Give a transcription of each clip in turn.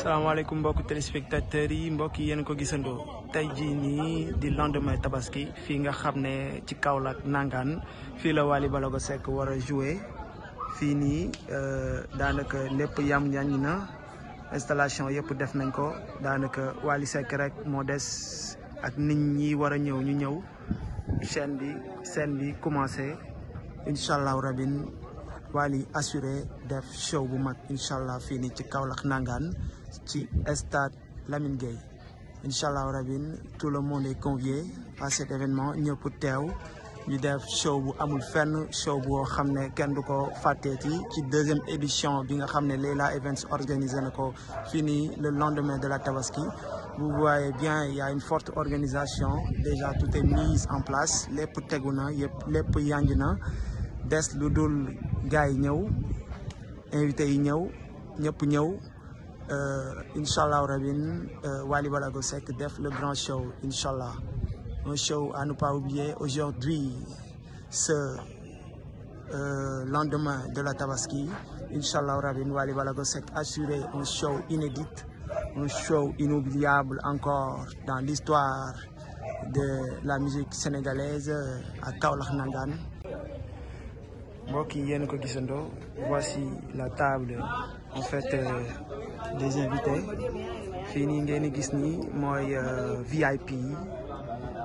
salaamaaleykum mbokki téléspectateurs yi mbokk yi yéen ko gisandoo tey jii nii di lendemain tabaski fii nga xam ne ci Kaolack nangaan fii la Wally Ballago Seck war a jouer fii nii euh, daanaka lépp yam yañ na installation yëpp def nañ ko daanaka Wally Seck rek moo des ak nit ñi war a ñëw ñu ñëw seen bi scène bi commencé incha allahu Wally assuré def show bu mag incha allah fii nii ci kawlax nangaan ci stade Lamine Gueye incha allah rabin tout le monde est convié à cet événement ñëpp teew ñu def show bu amul fenn show boo xam ne kenn du ko fàtteeti ci deuxième édition bi nga xam ne Leila Events organisé na ko fii nii le lendemain de la Tabaski vous voyez bien il y a une forte organisation déjà tout est en place lépp tegu na yëpp lépp yànj na des lu dul gars yi ñëw invité yi ñëw ñëpp ñëw euh, incha allah rabin euh, Wally Ballago def le grand show incha allah un show à ne pas oublier aujourd'hui ce euh, lendemain de la Tabaski incha allah rabin Wally Ballago Seck assuré un show inédit un show inoubliable encore dans l'histoire de la musique sénégalaise à Kaolack mbokk yi ngeen ko gisandoo voici la table en fait euh, des invités fii nii ngeen di gis nii mooy euh, VIP yi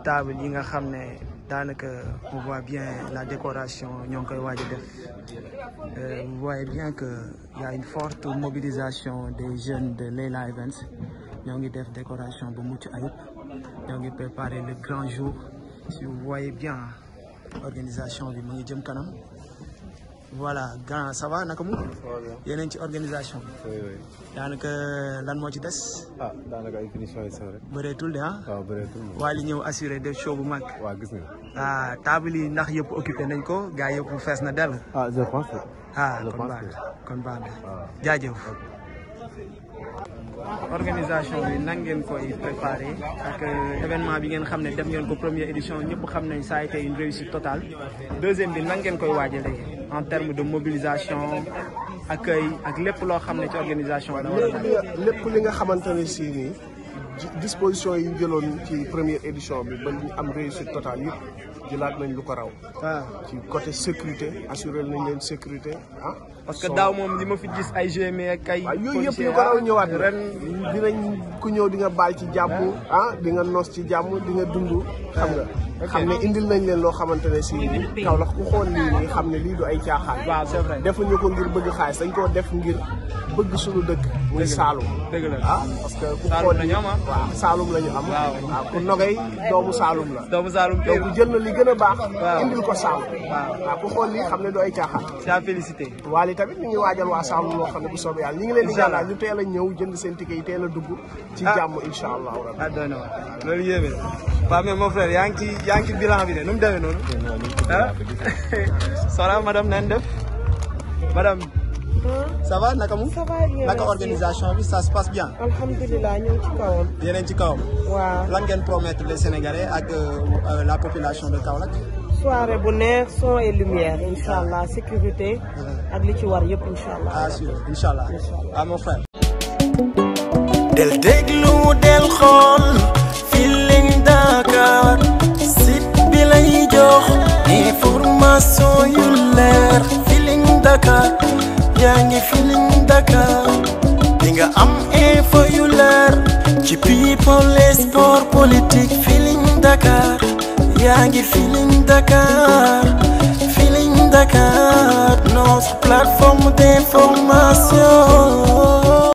table yi nga xam ne daanaka on voi bien la décoration ñoo ngi koy waaj def euh, vous voyez bien que y a une forte mobilisation des jeunes de Leila Events ñoo ngi def décoration bu mucc ayib ñoo ngi préparer le grand jour si vous voyez bien organisation bi mu ngi jëm kanam. voilà grand ça va naka mu. yeneen ci organisation daanaka lan moo ci des. ah daanaka ay finition yi rek. bëreetul de ah. waaw bëreetul waa li ñëw assuré de show bu mag. waaw gis nga. ah table yi ndax yëpp occupé nañ ko gars yëpp fees na dell. ah je pense. ah kon baax ah. kon organisation bi nan ngeen koy préparé ak euh, événement bi ngeen xam ne def ngeen ko premier édition ñëpp xam nañ ça a été une réussite totale deuxième bi nangeen ngeen koy waajalee en terme de mobilisation accueil ak lépp loo xam ne ci organisation bi. lépp li nga xamante ne si nii disposition yi jëloon ci première édition bi ba ñu am réussite totale yëpp. jëlaat nañ lu ko raw. Ah. ci côté sécurité assuré nañ leen sécurité ah. parce que daaw moom li ma fi gis ay GMA kay ay. waaw yëpp lu ko raw ñëwaat ren dinañ ku ñëw di nga baal ci jàmm. ah di nga noos ci jàmm di nga dund. xam nga ah. xam ne indil nañ leen loo xamante ne si Kaolack ku xool lii nii xam ne lii du ay caaxaan. waaw c'est vrai defuñu ko ngir bëgg xaalis dañ koo def ngir. bëgg suñu dëkk. muy Saalum dëgg la ah, parce que ku xool la ñu am waaw Saalum ah, la ñu am. waaw ku nogay doomu Saalum la. doomu Saalum tey jël na li gën a baax. indil ko Saalum. waaw ah, ku xool lii xam ne dooy caaxaan. saa félicité. waaye tamit ñu ngi waajal waa Saalum loo xam ne bu soobee yàlla ñu ngi leen di. incha ñu teel a ñëw jënd seen ticket yi a dugg. ci jàmm incha allah rabi. ah doy na waar loolu yéeme waaw mais mon frère bilan bi de nu mu noonu. ah soxna madame def madame ça va naka mu. ça va bien naka organisation bi ça se bien. alhamdulilah ñu ngi ci kawam. yéen a ngi ci kawam. waaw lan ngeen promettre les Sénégalais ak euh, euh, la population de Kaolack. soirée bu son et lumière incha sécurité. ak li ci war yëpp incha allah. mon frère. del déglu del xool Feeling Dakar. yaa ngi Feeling Dakar di nga am info yu leer ci people et sport ngi Feeling Dakar Feeling Dakar notre plateforme d'information